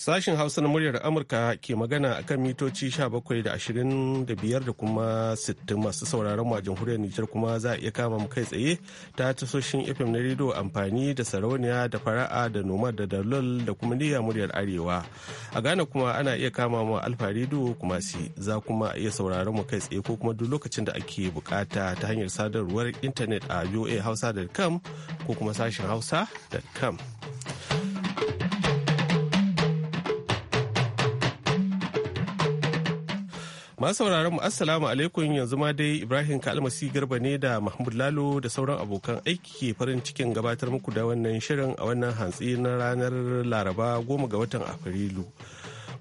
Sashen Hausa na muryar Amurka ke magana a kan mitoci 17 da 25 da kuma 60 masu sauraron mu a jamhuriyar Nijar kuma za a iya kama mu kai tsaye ta tasoshin FM na rediyo amfani da sarauniya da fara'a da noma da dalol da kuma niyya muryar Arewa. A Ghana kuma ana iya kama mu alfa rediyo kuma si za kuma iya sauraron mu kai tsaye ko kuma duk lokacin da ake bukata ta hanyar sadarwar intanet a voahausa.com ko kuma sashen hausa.com. Masu sauraron mu assalamu alaikum yanzu ma dai Ibrahim Kalmasi Garba ne da Mahmud Lalo da sauran abokan aiki ke farin cikin gabatar muku da wannan shirin a wannan hantsi na ranar Laraba goma ga watan Afrilu.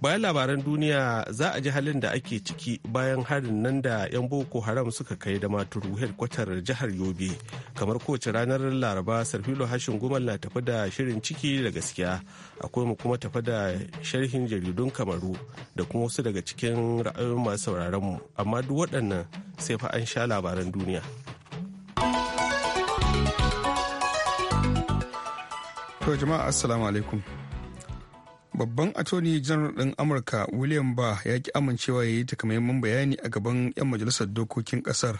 bayan labaran duniya za a ji halin da ake ciki bayan harin nan da 'yan boko haram suka kai da maturu kwatar jihar yobe kamar kowace ranar laraba sarfilo hashin gumal na tafi da shirin ciki da gaskiya akwai mu kuma tafi da sharhin jaridun kamaru da kuma wasu daga cikin ra'ayoyin masu sauraron mu amma duk waɗannan sai fa an sha labaran duniya to jama'a assalamu alaikum babban atoni general ɗin amurka william ba ya ki amincewa ya yi takamaiman bayani a gaban 'yan majalisar dokokin ƙasar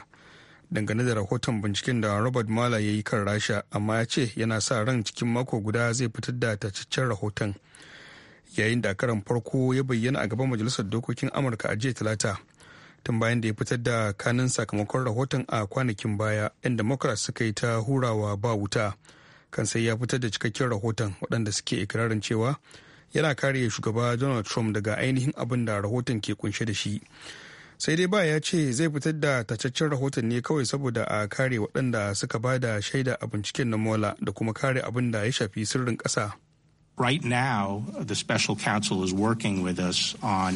dangane da rahoton binciken da robert mala ya yi kan rasha amma ya ce yana sa ran cikin mako guda zai fitar da tacaccen rahoton yayin da karan farko ya bayyana a gaban majalisar dokokin amurka a jiya talata tun bayan da ya fitar da kanin sakamakon rahoton a kwanakin baya 'yan democrats suka yi ta hurawa ba wuta kan sai ya fitar da cikakken rahoton waɗanda suke ikirarin cewa yana kare shugaba donald trump daga ainihin abin da rahoton ke kunshe da shi sai dai ba ya ce zai fitar da tacaccen rahoton ne kawai saboda a kare waɗanda suka ba da shaida a binciken na mola da kuma kare abin da ya shafi sirrin ƙasa. right now the special counsel is working with us on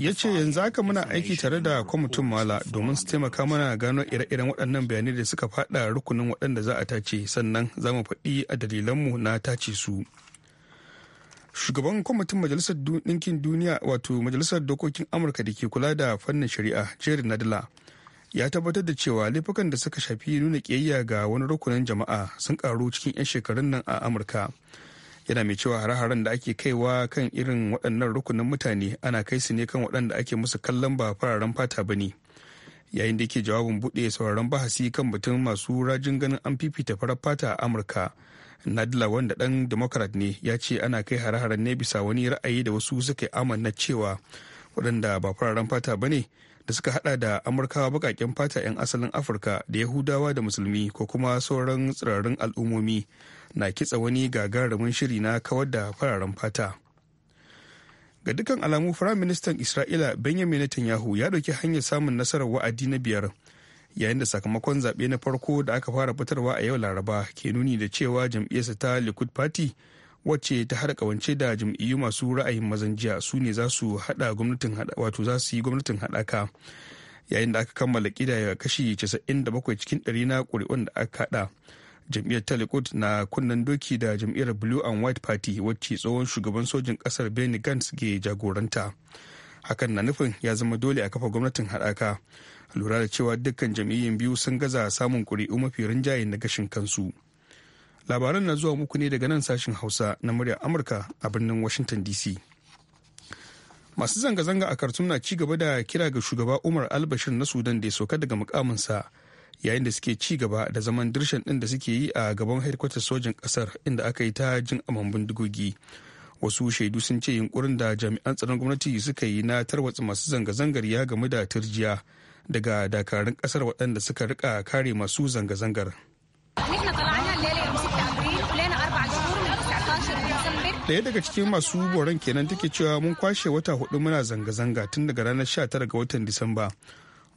ya ce yanzu haka muna aiki tare da kwamitin mala domin su taimaka mana gano ire-iren waɗannan bayanai da suka faɗa rukunin waɗanda za a tace sannan za mu faɗi a dalilanmu na tace su shugaban kwamitin majalisar ɗinkin duniya wato majalisar dokokin amurka da ke kula da fannin shari'a jerry nadala ya tabbatar da cewa laifukan da suka shafi nuna ƙiyayya ga wani rukunin jama'a sun karu cikin 'yan shekarun nan a amurka yana mai cewa hare-haren da ake kaiwa kan irin waɗannan rukunin mutane ana kai su ne kan waɗanda ake musu kallon ba fararen fata ba ne yayin da yake jawabin buɗe sauraron bahasi kan batun masu rajin ganin an fifita farar fata a amurka nadla wanda ɗan democrat ne ya ce ana kai hare-haren ne bisa wani ra'ayi da wasu suka yi amanna cewa waɗanda ba fararen fata ba ne da suka hada da amurkawa baƙaƙen fata 'yan asalin afirka da yahudawa da musulmi ko kuma sauran tsirarin al'ummomi na kitsa wani gagarumin shiri na kawar da fararen fata ga dukkan alamu firayim ministan isra'ila benjamin netanyahu ya ɗauki hanyar samun nasarar wa'adi na biyar yayin da sakamakon zaɓe na farko da aka fara fitarwa a yau laraba ke nuni da cewa jam'iyyarsa ta likud party wacce ta hada kawance da jam'iyyu masu ra'ayin mazan jiya su ne za su wato za yi gwamnatin haɗaka yayin da aka kammala ƙidaya kashi 97 cikin ɗari na ƙuri'un da aka haɗa jam'iyyar talikud na kunnen doki da jam'iyyar blue and white party wacce tsohon shugaban sojin ƙasar benny gantz ke jagoranta hakan na nufin ya zama dole a kafa gwamnatin haɗaka lura da cewa dukkan jam'iyyun biyu sun gaza samun kuri'u mafi rinjaye na gashin kansu labaran na zuwa muku ne daga nan sashen hausa na muryar amurka a birnin washington dc masu zanga-zanga a kartun na ci gaba da kira ga shugaba umar albashir na sudan da ya sauka daga mukaminsa yayin da suke ci gaba da zaman dirshan din da suke yi a gaban headquarters sojin kasar inda aka yi ta jin aman bindigogi wasu shaidu sun ce yunkurin da jami'an tsaron gwamnati suka yi na tarwatsa masu zanga-zangar ya gamu da turjiya daga dakarun kasar waɗanda suka rika kare masu zanga-zangar daya daga cikin masu boron kenan take cewa mun kwashe wata hudu muna zanga-zanga tun daga ranar 19 ga watan disamba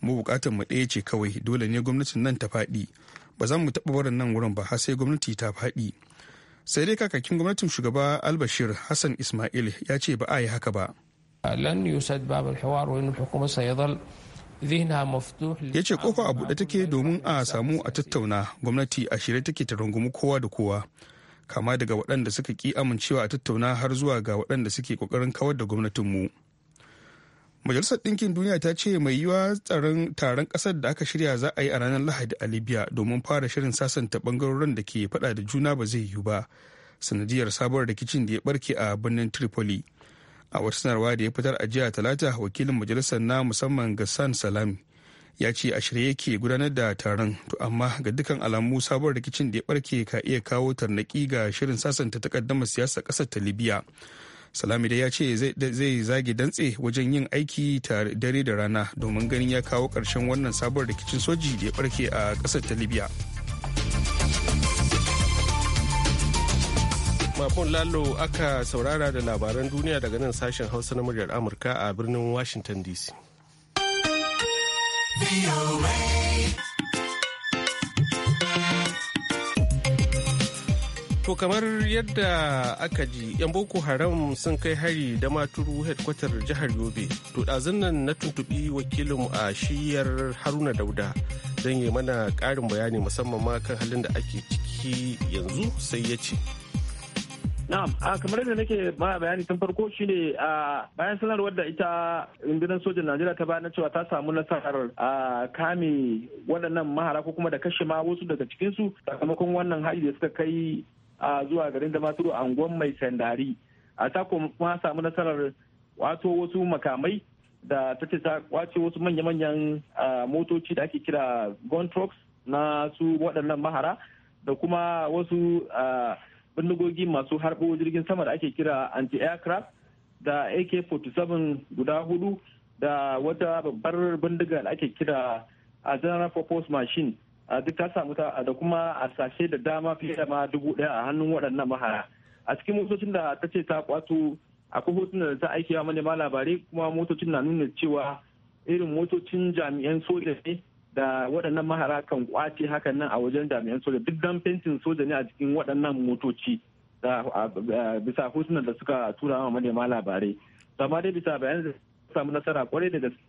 mu bukatar mu ɗaya ce kawai dole ne gwamnatin nan ta faɗi ba za mu taɓa barin nan wurin ba har sai gwamnati ta faɗi sai dai kakakin gwamnatin shugaba albashir hassan ismail ya ce ba a yi haka ba lan yusad babal wani hukumar sayadal ya ce kofa a buɗe take domin a samu a tattauna gwamnati a shirye take ta rungumi kowa da kowa kama daga waɗanda suka ki amincewa a tattauna har zuwa ga waɗanda suke ƙoƙarin kawar da gwamnatinmu majalisar ɗinkin duniya ta ce mai yiwa tsaron taron ƙasar da aka shirya za a yi a ranar lahadi a libya domin fara shirin sasanta ɓangarorin da ke faɗa da juna ba zai yiwu ba sanadiyar sabuwar rikicin da ya ɓarke a birnin tripoli a wata sanarwa da ya fitar a jiya talata wakilin majalisar na musamman ga san salami ya ce a shirye yake gudanar da taron to amma ga dukkan alamu sabon rikicin da ya barke ka iya kawo tarnaki ga shirin sasanta takaddamar siyasar kasar ta libya salami dai ya ce zai zage dantse wajen yin aiki dare da rana domin ganin ya kawo karshen wannan sabon rikicin soji da ya barke a kasar ta libya Mafon Lalo aka saurara da labaran duniya daga nan sashen Hausa na muryar Amurka a birnin Washington DC. To kamar yadda aka ji, 'yan Boko Haram sun kai hari da maturu headkwatar jihar Yobe. To ɗazun nan na tuntuɓi wakilin a shiyar Haruna Dauda zan yi mana ƙarin bayani musamman ma kan halin da ake ciki yanzu sai ya ce. Na'am, kamar yadda nake ma bayani tun farko shine a bayan sanarwar da ita rundunar sojan Najeriya ta bayan cewa ta samu nasarar a kame waɗannan mahara ko kuma da kashe ma wasu daga cikin su sakamakon wannan hari da suka kai a zuwa garin da maturu a unguwar mai sandari. A ta kuma samu nasarar wato wasu makamai da ta ce ta kwace wasu manya-manyan motoci da ake kira gun trucks na su waɗannan mahara da kuma wasu bindigogi masu harbo jirgin sama da ake kira anti-aircraft da ak-47 guda hudu da wata babbar bindiga da ake kira a general purpose machine a duk ta samu da kuma a sashe da dama fiye da ma dubu daya a hannun waɗannan mahara a cikin motocin da ta ce ta kwato akwai hotunan da ta aikewa manema labarai kuma motocin na nuna cewa irin motocin jami'an soja ne da waɗannan mahara kan kwace hakan nan a wajen jami'an soja duk dan fentin soja ne a cikin waɗannan motoci da bisa hotunan da suka tura wa manema labarai amma dai bisa bayan da samu nasara kwarai da gaske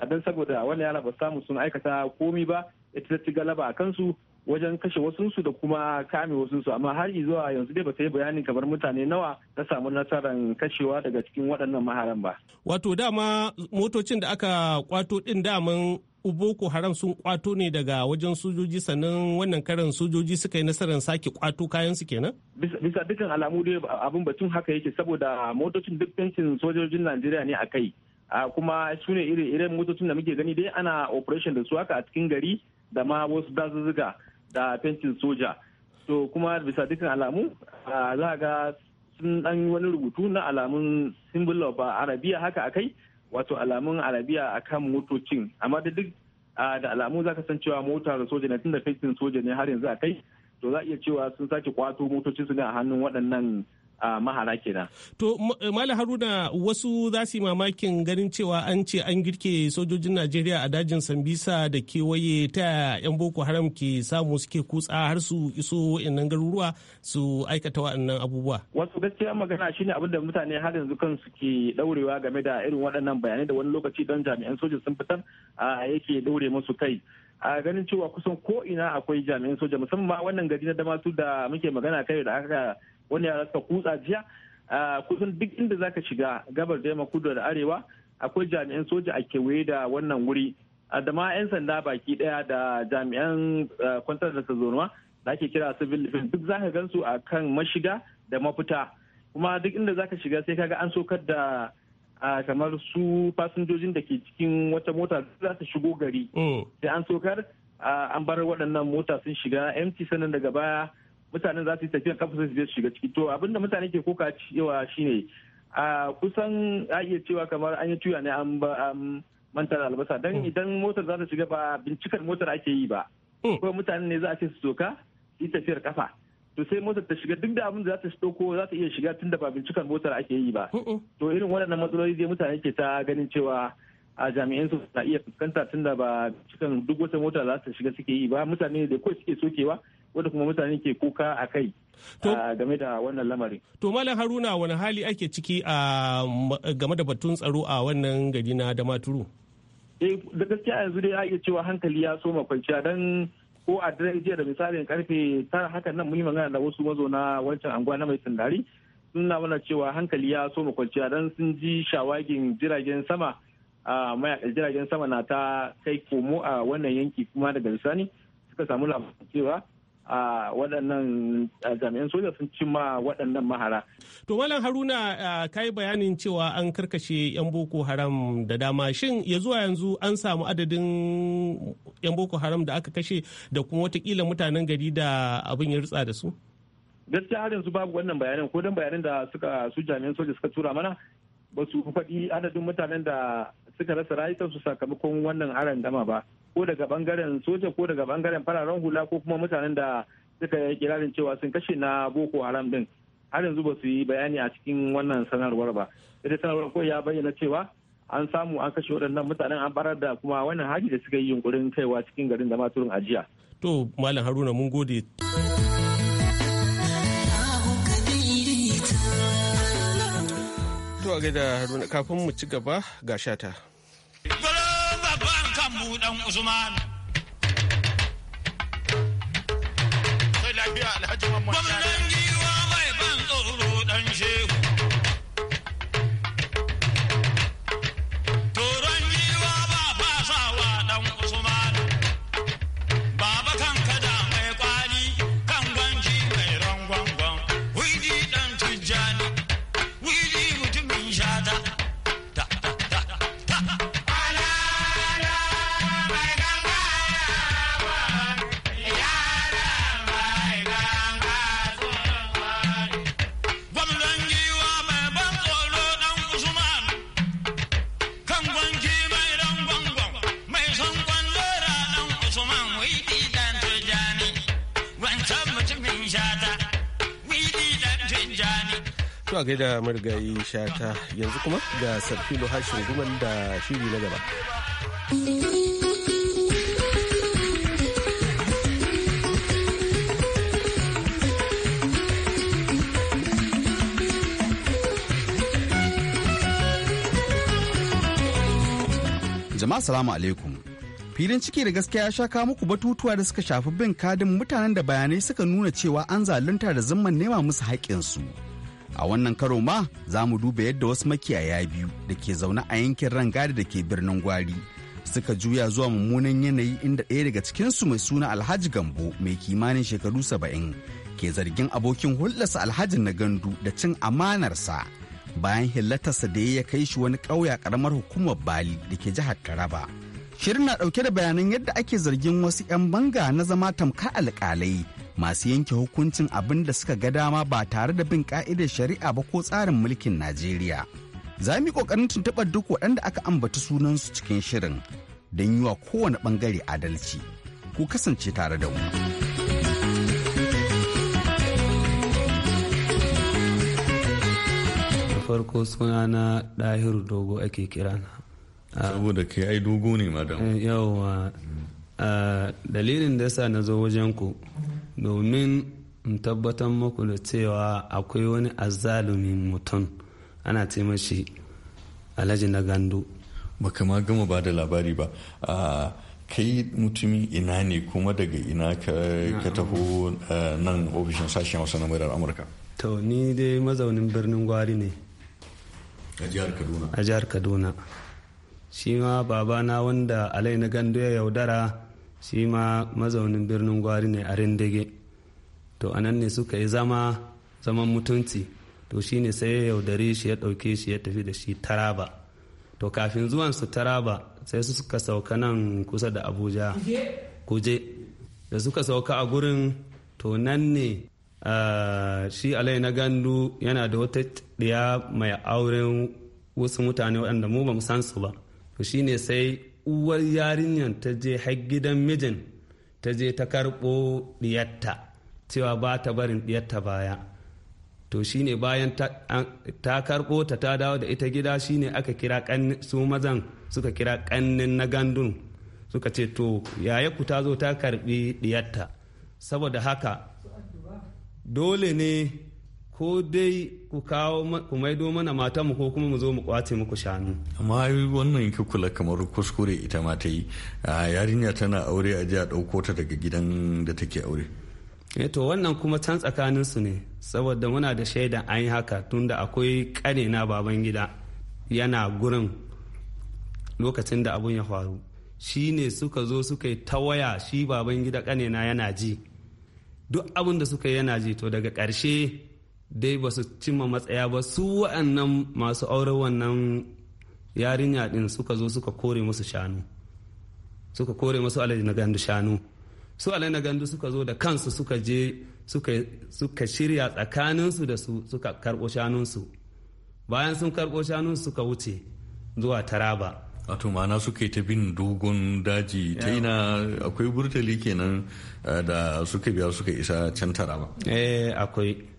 a dan saboda wani yara ba samu sun aikata komi ba ita ta ci galaba a kansu wajen kashe wasunsu da kuma kame wasunsu amma har zuwa yanzu dai ba ta yi bayanin kamar mutane nawa ta samu nasarar kashewa daga cikin waɗannan maharan ba. Wato dama motocin da aka kwato ɗin daman Boko Haram sun kwato ne daga wajen sojoji sannan wannan karan sojoji suka yi nasarar sake kwato kayan su kenan? Bisa dukkan alamu dai abin batun haka yake saboda motocin duk sojojin Najeriya ne a kai. kuma su ne irin motocin da muke gani dai ana operation da su haka a cikin gari da ma wasu dazuzzuka da fentin soja to kuma bisa dukkan alamu za ga sun dan wani rubutu na alamun symbol of arabiya haka akai wato alamun arabiya akan motocin amma da duk da alamu za ka san cewa mota da soja ne tun da fentin soja ne har yanzu akai to za iya cewa sun sake kwato motocin su ne a hannun waɗannan mahara kenan. To eh, Malam Haruna wasu za su yi mamakin ganin cewa an ce an girke sojojin Najeriya a dajin Sambisa da kewaye ta 'yan Boko Haram ke samu suke kutsa har su iso innan garuruwa su aikata waɗannan abubuwa. Wasu gaskiya magana shine abin da mutane har yanzu kansu ke daurewa game da irin waɗannan bayanai da wani lokaci don jami'an soja sun fitar a yake daure musu kai. a ganin cewa kusan ko ina akwai jami'in soja musamman ma wannan gari na damatu da muke magana kai da aka wani ya rasa kutsa jiya kusan duk inda zaka shiga gabar da kudu da arewa akwai jami'an soja a kewaye da wannan wuri da ma 'yan sanda baki daya da jami'an kwantar da tazonwa da ake kira civil defense duk zaka gansu a kan mashiga da mafita kuma duk inda zaka shiga sai kaga an sokar da kamar su fasinjojin da ke cikin wata mota za su shigo gari mm. sai an sokar an bar waɗannan mota sun shiga mt sannan daga baya mutanen za su yi tafiyan kafa su je su shiga ciki to abinda mutane ke koka cewa shine a kusan a iya cewa kamar an yi tuya ne an ba manta da albasa dan hmm. idan motar za ta shiga ba bincikar motar ake yi ba hmm. ko mutanen ne za a ce su doka yi tafiyar kafa to sai motar ta shiga duk da abin da za ta ɗauko za ta iya shiga tunda ba bincikar motar ake yi ba hmm, to irin waɗannan matsaloli dai mutane ke ta ganin cewa a jami'an su na iya fuskanta tunda ba cikin duk wata mota za ta shiga suke yi ba mutane da kawai suke sokewa wanda kuma mutane ke kuka a kai game da wannan lamarin. To Malam Haruna wani hali ake ciki a game da batun tsaro a wannan gari na Damaturu? Eh, da gaskiya yanzu dai ake cewa hankali ya soma kwanciya don ko a daren jiya da misalin karfe tara hakan nan muhimmin magana da wasu mazauna wancan anguwa na mai sandari suna mana cewa hankali ya soma kwanciya don sun ji shawagin jiragen sama a mayakan jiragen sama na ta kai komo a wannan yanki kuma daga bisani suka samu labarin cewa waɗannan jami'an soja sun cimma waɗannan mahara. To Malam Haruna ka yi bayanin cewa an karkashe 'yan Boko Haram da dama shin ya zuwa yanzu an samu adadin 'yan Boko Haram da aka kashe da kuma watakila mutanen gari da abin ya rutsa da su? gaskiya har yanzu babu wannan bayanan ko dan bayanan da suka su jami'an soja suka tura mana ba su faɗi adadin mutanen da suka rasa rayukansu sakamakon wannan haran gama ba ko daga bangaren soja ko daga bangaren fararen hula ko kuma mutanen da suka yi kirarin cewa sun kashe na boko haram din har yanzu ba su yi bayani a cikin wannan sanarwar ba ita sanarwar ko ya bayyana cewa an samu an kashe waɗannan mutanen an barar da kuma wannan haji da suka yi yunkurin kaiwa cikin garin da maturin ajiya to malam haruna mun gode to a gaida haruna kafin mu ci gaba ga shata. babban kan buɗan Usman. Sai lafiya Alhaji Mamman. Gwamnan giwa mai ban tsoro dan shehu. a gaida marigayi shata yanzu kuma ga sarfilo hashin guman da shiri na gaba. Jama'a salamu alaikum. filin ciki da gaskiya ya sha kawo muku batutuwa da suka shafi bin kadin mutanen da bayanai suka nuna cewa an zalunta da zamman nema musu haƙƙinsu. su A wannan karo ma za mu duba yadda wasu makiyaya biyu da ke zaune a yankin rangadi da ke birnin gwari suka juya zuwa mummunan yanayi inda ɗaya daga cikinsu mai suna alhaji gambo mai kimanin shekaru saba'in ke zargin abokin hulɗarsa alhaji na gandu da cin amanarsa bayan hillatarsa da ya kai shi wani ƙauya ƙaramar hukumar bali da ke jihar taraba shirin na ɗauke da bayanan yadda ake zargin wasu 'yan banga na zama tamka alƙalai masu yanke hukuncin abin da suka ga dama ba tare da bin ka'idar shari'a ba ko tsarin mulkin Najeriya. Za mu yi ƙoƙarin tuntuɓar duk waɗanda aka ambata sunansu cikin shirin don yi wa kowane ɓangare adalci. Ku kasance tare da mu. farko sunana ɗahiru dogo ake kirana. Ah. saboda kai ai dogo ne madam eh, yawwa ah, dalilin da yasa na zo wajen ku domin in tabbatar muku da cewa akwai wani azzalumin mutum ana ce mashi alhaji na gandu ba kama gama ba da labari ba kai mutumi ina ne kuma daga ina ka taho nan ofishin sashen wasu na murar amurka to ni dai mazaunin birnin gwari ne a jihar kaduna a shi ma babana wanda alai na gandu ya yaudara shi ma mazaunin birnin gwari ne a rindage to anan ne suka yi zama zaman mutunci to shi ne sai ya yaudare shi ya ɗauke shi ya tafi da shi taraba to kafin zuwan su taraba sai su suka sauka nan kusa da abuja kuje da suka sauka a gurin to nan ne shi alai na gandu yana da wata ɗiya mai auren wasu mutane waɗanda mu ba mu san su ba to shi ne sai uwar yarinyar ta je har gidan mijin ta je ta karɓo diyatta cewa ba ta barin diyatta baya to shine bayan ta karɓo ta ta dawo da ita gida shine aka kira su mazan suka kira kannin na gandun suka ce to yayaku ku ta zo ta karɓi diyatta saboda haka dole ne ko dai ku kawo ku maido mana mata mu ko kuma mu zo mu kwace muku shanu amma wannan ka kula kamar kuskure ita ma ta yi yarinya tana aure a jiya dauko ta daga gidan da take aure eh to wannan kuma can tsakanin su ne saboda muna da shaidan an yi haka tunda akwai kane na baban gida yana gurin lokacin da abun ya faru shi ne suka zo suka yi ta waya shi baban gida kane yana ji duk abin da suka yi yana ji to daga ƙarshe dai ba su cimma matsaya ba su wa'annan masu aure wannan yarinya din suka zo suka kore musu shanu suka kore musu alaji na gandu shanu su alaji na gandu suka zo da kansu suka je suka shirya tsakaninsu da su suka karɓo shanunsu bayan sun karɓo shanunsu suka wuce zuwa taraba wato ma'ana suka yi ta bin dogon daji ta ina akwai burtali kenan eh, da suka biya suka isa can taraba eh akwai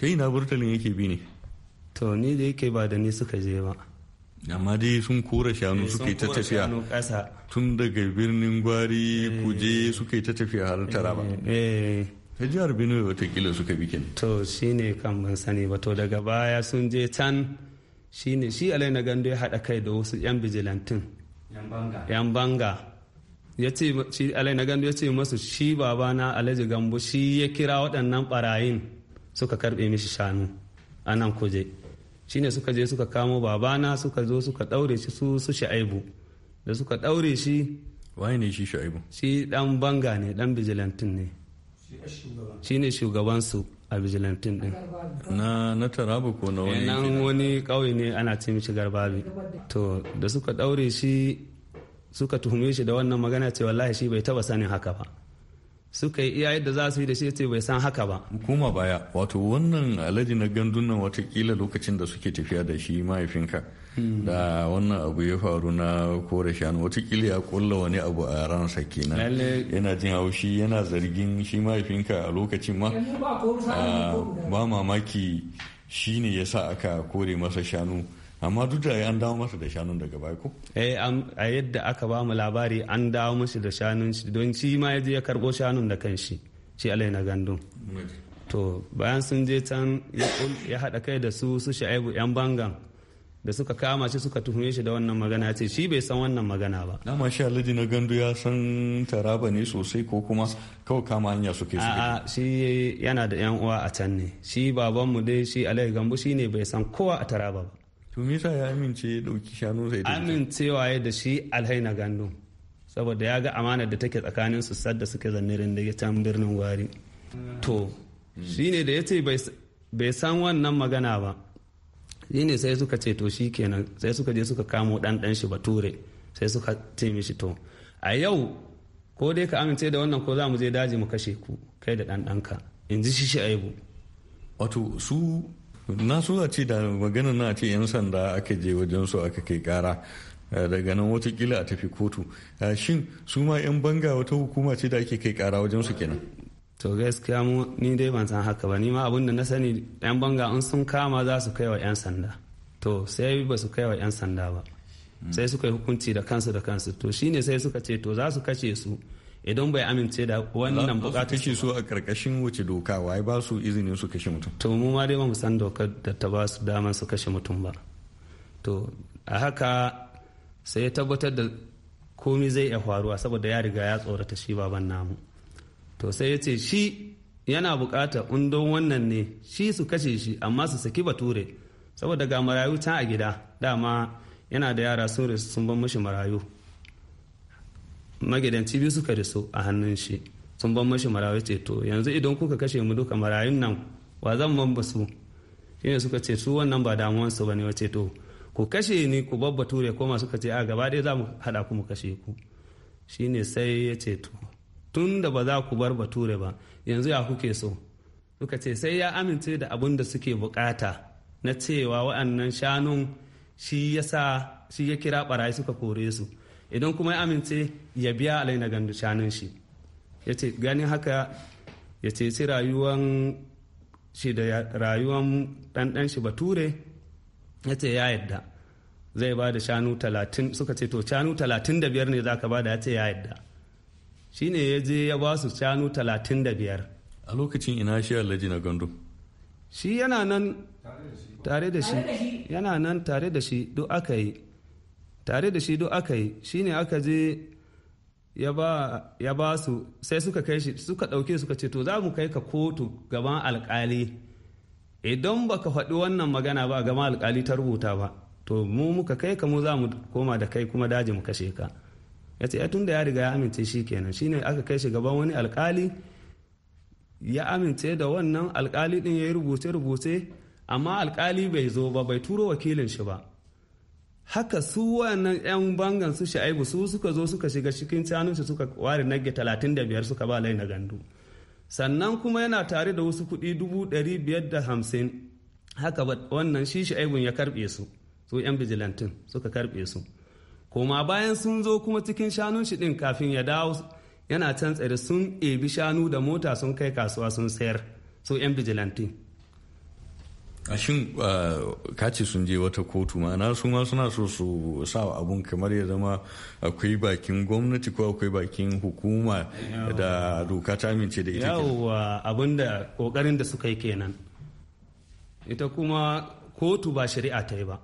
kai na burtalin yake bi ne to ni da yake ba da ni suka je ba amma dai sun kora shanu eh, suka yi ta tafiya tun daga birnin gwari eh. kuje suka yi ta tafiya har tara ba eh, ta jihar benue watakila suka bikin to to shine kan ban sani ba to daga baya sun je can shine shi alai na gando ya haɗa kai da wasu yan bijilantin yan banga ya ce shi alai na gando ya ce masu shi babana alhaji gambo shi ya kira waɗannan barayin suka karbe mishi shanu a nan kuje ne suka je suka kamo babana suka zo suka daure shi su su shaibu da suka daure shi waye ne shi shaibu shi dan banga ne dan bijilantin ne ne shugaban su a bijilantin din na na tarabu ko na wani nan wani kauye ne ana ce mishi garbabi to da suka daure shi suka tuhume shi da wannan magana ce, wallahi shi bai taba sanin haka ba suka yi iya yadda za su yi da shi ce bai san haka ba. Hukuma baya wato wannan alaji na gandun nan watakila lokacin da suke tafiya da shi mahaifinka hmm. da wannan abu ya faru na kore shanu watakila ya kulla wani abu a ransa kenan yana jin haushi yana zargin shi mahaifinka a lokacin ma eh, ah, ba mamaki shi ne ya sa aka kore masa shanu. amma duk da an dawo masa da shanun daga baya ko eh a yadda aka ba mu labari an dawo masa da shanun don shi ma ya je ya karbo shanun da kanshi shi alai na gandun to bayan sun je can ya haɗa kai da su su sha'ibu yan bangan da suka kama shi suka tuhume shi da wannan magana ce shi bai san wannan magana ba na sha alhaji na gandu ya san taraba ne sosai ko kuma kawai kama hanya suke su a shi yana da yan uwa a can ne shi babanmu dai shi alhaji gambo shi ne bai san kowa a taraba ba to me ya amince ya dauki shanu sai amincewa ya da shi alhaina gandun saboda ya ga amanar da take tsakanin su sadda suke zannirin da ya birnin wari to shine da ya ce bai san wannan magana ba shine sai suka ce to shi kenan sai suka je suka kamo dan dan shi bature sai suka ce mishi to a yau ko dai ka amince da wannan ko za mu je daji mu kashe ku kai da dan danka in ji shi shi aibu wato su na so a ce da magana na ce 'yan sanda aka je wajen su aka kai kara eh, daga nan watakila a tafi kotu eh, shin su ma 'yan banga wata hukuma ce da ake kai kara wajen su kenan to gaskiya mu ni dai ban san haka ba ni ma abinda na sani 'yan banga in sun kama za su kai wa 'yan sanda to sai ba su kai wa 'yan sanda ba sai suka yi hukunci da kansu da kansu to shine sai suka ce to za su kace su idan bai amince da wannan bukatar kashe su a karkashin wace doka wai ba su izinin su kashe mutum to mu ma dai ba mu san dokar da ta ba su damar su kashe mutum ba to a haka sai ya tabbatar da komi zai iya faruwa saboda ya riga ya tsorata shi baban namu to sai ya ce shi yana bukata undon wannan ne shi su kashe shi amma su saki bature saboda ga marayu can a gida dama yana da yara sun sun bar mashi marayu magidanci biyu suka riso a hannun shi sun ban mashi marayu ce yanzu idan kuka kashe mu duka marayun nan wa zan ban su shine suka ce su wannan ba damuwansu ba ne wace to ku kashe ni ku babba ture koma suka ce a gaba ɗaya za mu haɗa ku mu kashe ku shine sai ya ce to tun da ba za ku bar bature ba yanzu ya kuke so suka ce sai ya amince da abin da suke bukata na cewa wa'annan shanun shi ya kira barayi suka kore su idan kuma ya amince ya biya alai na gandu shanun shi ya ce ganin haka ya ceci rayuwan shi da rayuwan ɗanɗan shi bature ya ce ya yadda zai ba da shanu talatin suka ce to shanu talatin da biyar ne za ka ba da ya ce ya yadda shi ne ya je ya ba su shanu talatin da biyar a lokacin ina shi alhaji na gandu shi yana nan tare da shi yana nan tare da shi duk aka yi tare da shi duk aka yi shi ne aka je ya ba su sai suka kai shi suka ɗauke suka ce to za mu kai ka kotu gaban alkali idan ba ka faɗi wannan magana ba gaban alkali ta rubuta ba to mu muka kai ka mu za mu koma da kai kuma daji mu kashe ka ya ce eh, tun da ya riga ya amince shi kenan shi ne aka kai shi gaban wani alkali ya amince da wannan alkali din ya yi rubuce-rubuce amma alkali bai zo ba bai turo wakilin shi ba haka su wannan 'yan bangan su sha'ibu su suka zo suka shiga cikin su suka ware nage 35 suka ba gandu sannan kuma yana tare da wasu kuɗi 550 haka wannan shi sha'ibun ya karbe su su 'yan bijilantin suka karɓe su koma bayan sun zo kuma cikin shanun shi ɗin kafin ya dawo yana can tsare sun ebi shanu da mota sun kai kasuwa sun sayar su 'yan bijilantin a shin ce sun je wata kotu ma'ana su ma suna so su sa abun kamar ya zama akwai bakin gwamnati ko akwai bakin hukuma da doka ta amince da ita yawwa abin da kokarin da suka yi kenan ita kuma kotu ba shari'a ta yi ba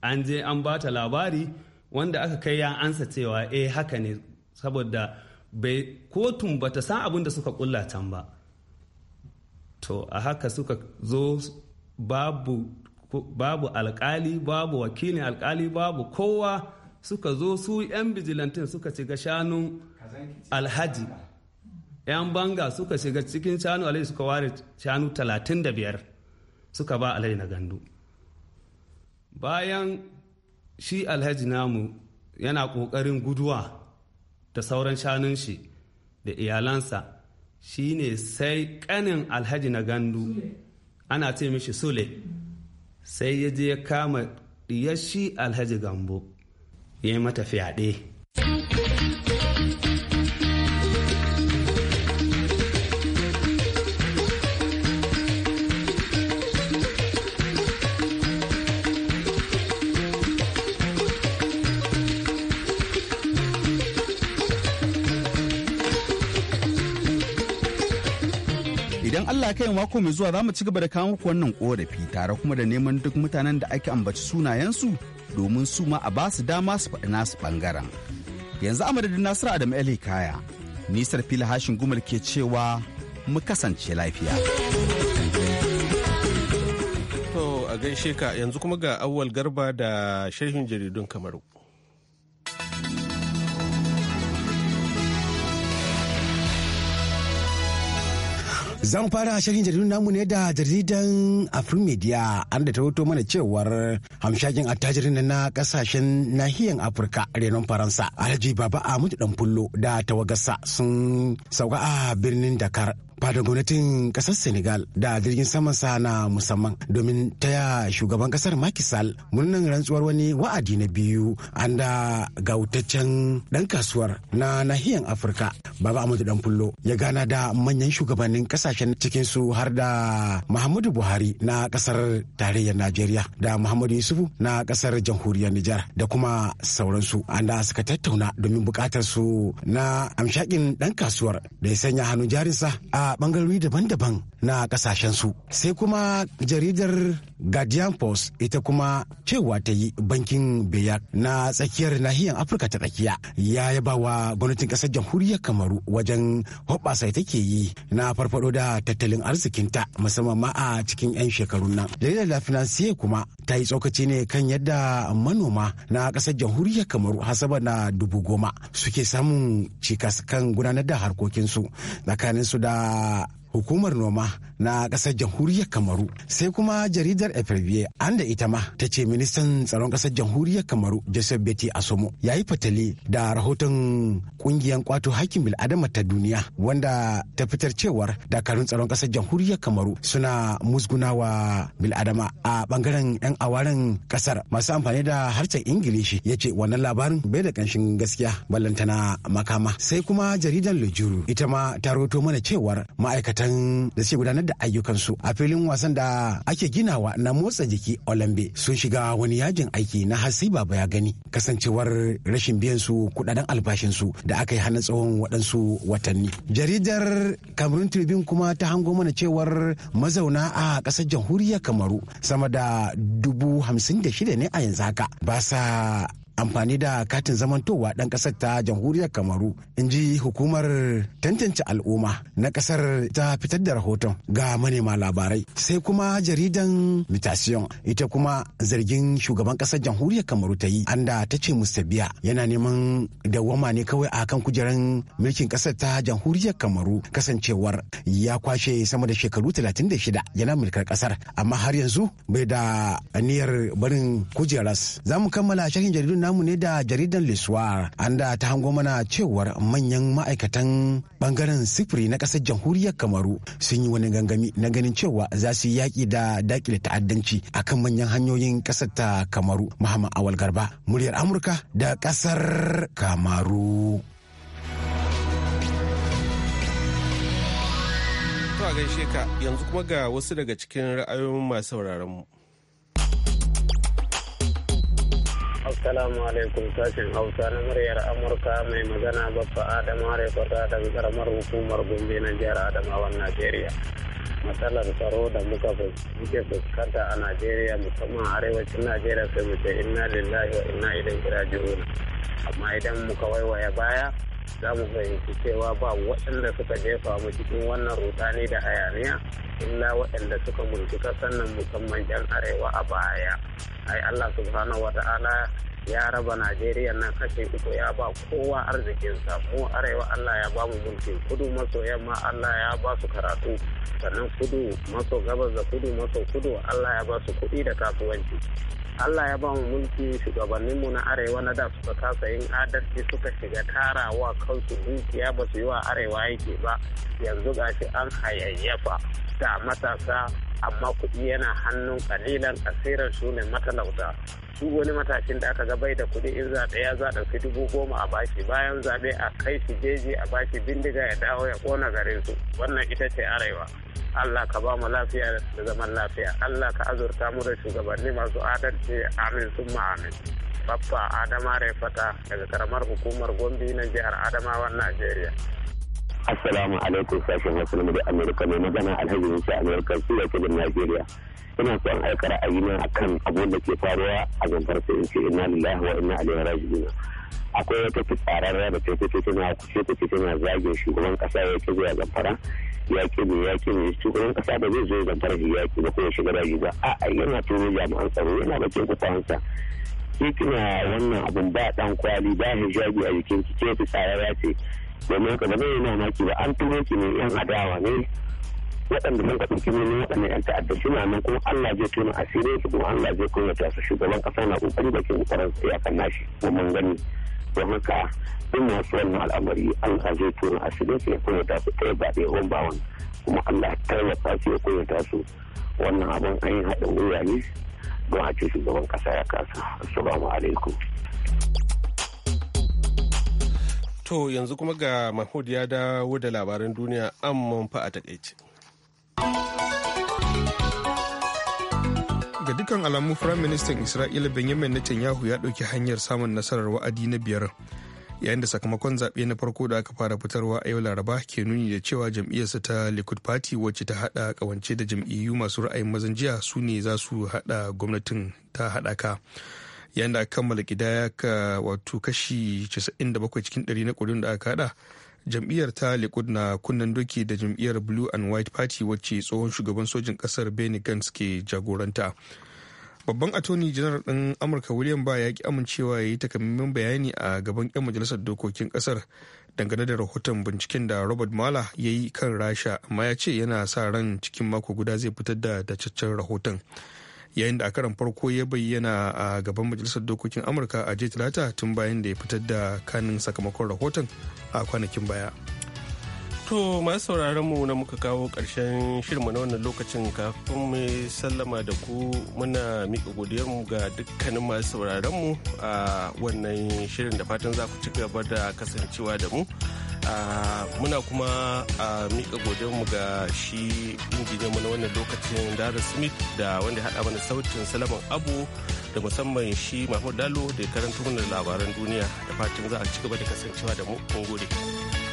an je an ba ta labari wanda aka kai ya ansa cewa eh haka ne saboda bai kotun ba ta san abin da suka kulla can ba to a haka suka zo babu babu alkali babu wakilin alkali babu kowa suka zo su 'yan bijilantin suka shiga shanun alhaji 'yan banga suka shiga cikin shanu alhaji suka ware shanu 35 suka ba alhaji na gandu bayan shi alhaji namu yana ƙoƙarin guduwa da sauran shanun shi da iyalansa shine sai ƙanin alhaji na gandu ana ce mishi sule sai ya je ya kama diyar shi alhaji gambo ya yi mata fyaɗe Allah kai mako mai zuwa za mu ci gaba da kawo muku wannan korafi tare kuma da neman duk mutanen da ake ambaci sunayensu domin su ma a ba su dama su faɗi nasu ɓangaren. Yanzu amadadin Nasiru Adam Ali Kaya, nisar fili hashin gumal ke cewa mu kasance lafiya. To a gaishe ka yanzu kuma ga awwal garba da sharhin jaridun Kamaru. Za mu fara shirin jaridun namu ne da jaridan media an da ta hoto mana cewar hamshakin attajirin na kasashen nahiyan Afirka renon Faransa Alhaji Baba ɗan Danfullo da tawagarsa sun sauka a birnin Dakar fadar gwamnatin kasar Senegal da jirgin saman sa na musamman domin taya shugaban kasar makisal murnan rantsuwar wani wa'adi na biyu an da gautaccen dan kasuwar na nahiyan Afirka Baba Amadu Dan Fullo ya gana da manyan shugabannin kasashen cikin su har da Muhammadu Buhari na kasar tarayyar Najeriya da Muhammadu Yusufu na kasar jamhuriyar Nijar da kuma sauransu an da suka tattauna domin bukatar su na amshakin dan kasuwar da ya sanya hannun jarinsa a a bangarori daban-daban na su sai kuma jaridar guardian post ita kuma cewa ta yi bankin biyar na tsakiyar nahiyar afirka ta tsakiya ya yaba wa gwamnatin kasar jamhuriyar kamaru wajen hoɓɓasa take yi na farfado da tattalin arzikinta musamman ma a cikin 'yan shekarun nan jaridar la financier kuma ta yi tsokaci ne kan yadda manoma na kasar jamhuriyar kamaru hasaba na dubu goma suke samun cikas kan gudanar da harkokinsu tsakaninsu da Amurka. hukumar noma na ƙasar jamhuriyar kamaru sai kuma jaridar efirbiye an da ita ma ta ce ministan tsaron ƙasar jamhuriyar kamaru joseph betty asomo ya yi fatali da rahoton ƙungiyar kwato hakkin bil'adama ta duniya wanda ta fitar cewar dakarun tsaron ƙasar jamhuriyar kamaru suna musgunawa bil'adama a bangaren 'yan awarin ƙasar masu amfani da harshen ingilishi ya ce wannan labarin bai da ƙanshin gaskiya ballantana makama sai kuma jaridar Lujuru ita ma ta roto mana cewar ma'aikatan wasan da suke gudanar da ayyukansu a filin wasan da ake ginawa na motsa jiki olambe sun shiga wani yajin aiki na hasi baba ya gani kasancewar rashin biyan su kudaden albashinsu da aka yi hana tsawon waɗansu watanni jaridar cameroon tribune kuma ta hango mana cewar mazauna a ƙasar jamhuriyar kamaru sama da dubu hamsin da shida ne a yanzu haka ba sa amfani da katin zamantowa ɗan ƙasar ta jamhuriyar kamaru in ji hukumar tantance al'umma na ƙasar ta fitar da rahoton ga manema labarai sai kuma jaridan mutation ita kuma zargin shugaban ƙasar jamhuriyar kamaru ta yi anda ta ce mustabiya yana neman dawwama ne kawai a kan kujerar mulkin ƙasar ta jamhuriyar kamaru kasancewar ya kwashe sama da shekaru 36 yana mulkar ƙasar amma har yanzu bai da niyyar barin kujerar za mu kammala shakin jaridun namu ne da jaridar Lissuwar an da ta hango mana cewar manyan ma'aikatan bangaren sifiri na ƙasar jamhuriyar Kamaru sun yi wani gangami na ganin cewa za su yi yaƙi da daƙile ta'addanci akan manyan hanyoyin ƙasar ta Kamaru. Muhammad Awal Garba, muryar Amurka da ƙasar Kamaru. gaishe ka yanzu kuma ga wasu daga cikin ra'ayoyin masu sauraron mu. Assalamu alaikum sashen Hausa na muryar Amurka mai magana Baffa Adamu Harefata daga karamar hukumar Gombe na jihar Adamawan Najeriya. Matsalar tsaro da muka muke fuskanta a Najeriya musamman arewacin Najeriya sai mu ce inna lillahi wa inna ilaihi raji'un. Amma idan muka waiwaya baya za mu fahimci cewa ba waɗanda suka jefa mu cikin wannan rudani da hayaniya illa waɗanda suka mulki kasan nan musamman 'yan arewa a baya ai allah subhanahu wa ta'ala ya raba najeriya nan kashe uku ya ba kowa arzikinsa mu arewa allah ya ba mu mulki kudu maso yamma allah ya ba su karatu sannan kudu maso gabas da kudu maso kudu allah ya ba su kuɗi da kasuwanci allah ya ba mu mulki shugabanninmu na arewa na da suka kasa yin adalci suka shiga tarawa kansu dukiya ba su yi wa arewa yake ba yanzu gashi an hayayyafa ta matasa amma kuɗi yana hannun kalilan asirar su ne matalauta su wani matashin da aka gabai da kuɗi in zaɓe ya za ɗauki dubu goma a bashi bayan zaɓe a kai shi jeji a bashi bindiga ya dawo ya ƙona garin su wannan ita ce arewa Allah ka ba mu lafiya da zaman lafiya Allah ka azurta mu da shugabanni masu adalci amin summa amin babba Adama Refata daga karamar hukumar Gombe na jihar Adamawa Najeriya. assalamu alaikum sashen wasu da amurka mai magana alhaji musa amurka su da najeriya ina son aika ra'ayina akan abun da ke faruwa a zantar sai in ce inna lillahi wa inna ilaihi raji'un akwai wata fitsararra da take take tana kuce take tana zage shugaban kasa ya ke zuwa zamfara ya ke ne ya ke ne shugaban kasa ba zai zo zamfara ya ke ba ko ya shiga daji ba a'a yana turo jami'an tsaro yana bakin kufansa kina wannan abun ba dan kwali ba hijabi a jikin ki ke fitsararra ce domin haka ba zai yi mamaki ba an tuno ki ne yan adawa ne waɗanda sun ka ɗauki nuna waɗanda yan ta'adda suna nan kuma Allah zai tona asirin su kuma Allah zai ta su shugaban ƙasa na ƙoƙari da ke ƙoƙarin kan nashi ko mun gani don haka in masu wannan al'amari Allah zai tona asirin su ya ta su ta ba ɗaya wani bawan kuma Allah ya tallafa su ya ta su wannan abin an yi haɗin wuya ne don a ce shugaban ƙasa ya kasa assalamu alaikum. To yanzu kuma ga Mahmud ya dawo da labaran duniya an manfa a takaice. Ga dukkan alamu ministan Isra'ila Benjamin Netanyahu ya ɗauki hanyar samun nasarar wa'adi na biyar. Yayin da sakamakon zaɓe na farko da aka fara fitarwa a yau Laraba ke nuni da cewa jam'iyyarsa ta Likud Party wacce ta haɗa kawance da jam'iyyu masu ra'ayin mazan jiya su ne za su haɗa gwamnatin ta haɗaka. ka. yanda kammala kidaya ka wato kashi 97 cikin 100 na kudin da aka haɗa jam'iyyar ta likud na kunnen doki da jam'iyyar blue and white party wacce tsohon shugaban sojin kasar benny gantz ke jagoranta babban atoni general din amurka william ba ya ki amincewa ya yi takamaiman bayani a gaban 'yan majalisar dokokin kasar dangane da rahoton binciken da robert mala ya yi kan rasha amma ya ce yana sa ran cikin mako guda zai fitar da dacaccen rahoton yayin da a karan farko ya bayyana a gaban majalisar dokokin amurka a jiya talata tun bayan da ya fitar da kanin sakamakon rahoton a kwanakin baya to masu sauraron mu na muka kawo karshen shirma na wannan lokacin kafin mu sallama da ku muna miƙa godiyar mu ga dukkanin masu sauraron mu a wannan shirin da fatan za ku ci gaba da kasancewa da mu muna kuma a mika mu ga shi injiniyanmu mana wannan lokacin dara smith da wanda hada mana sautin salaman abu da musamman shi mahmud dalo da karanta mana labaran duniya da fatan za a ci gaba da kasancewa da mu gode.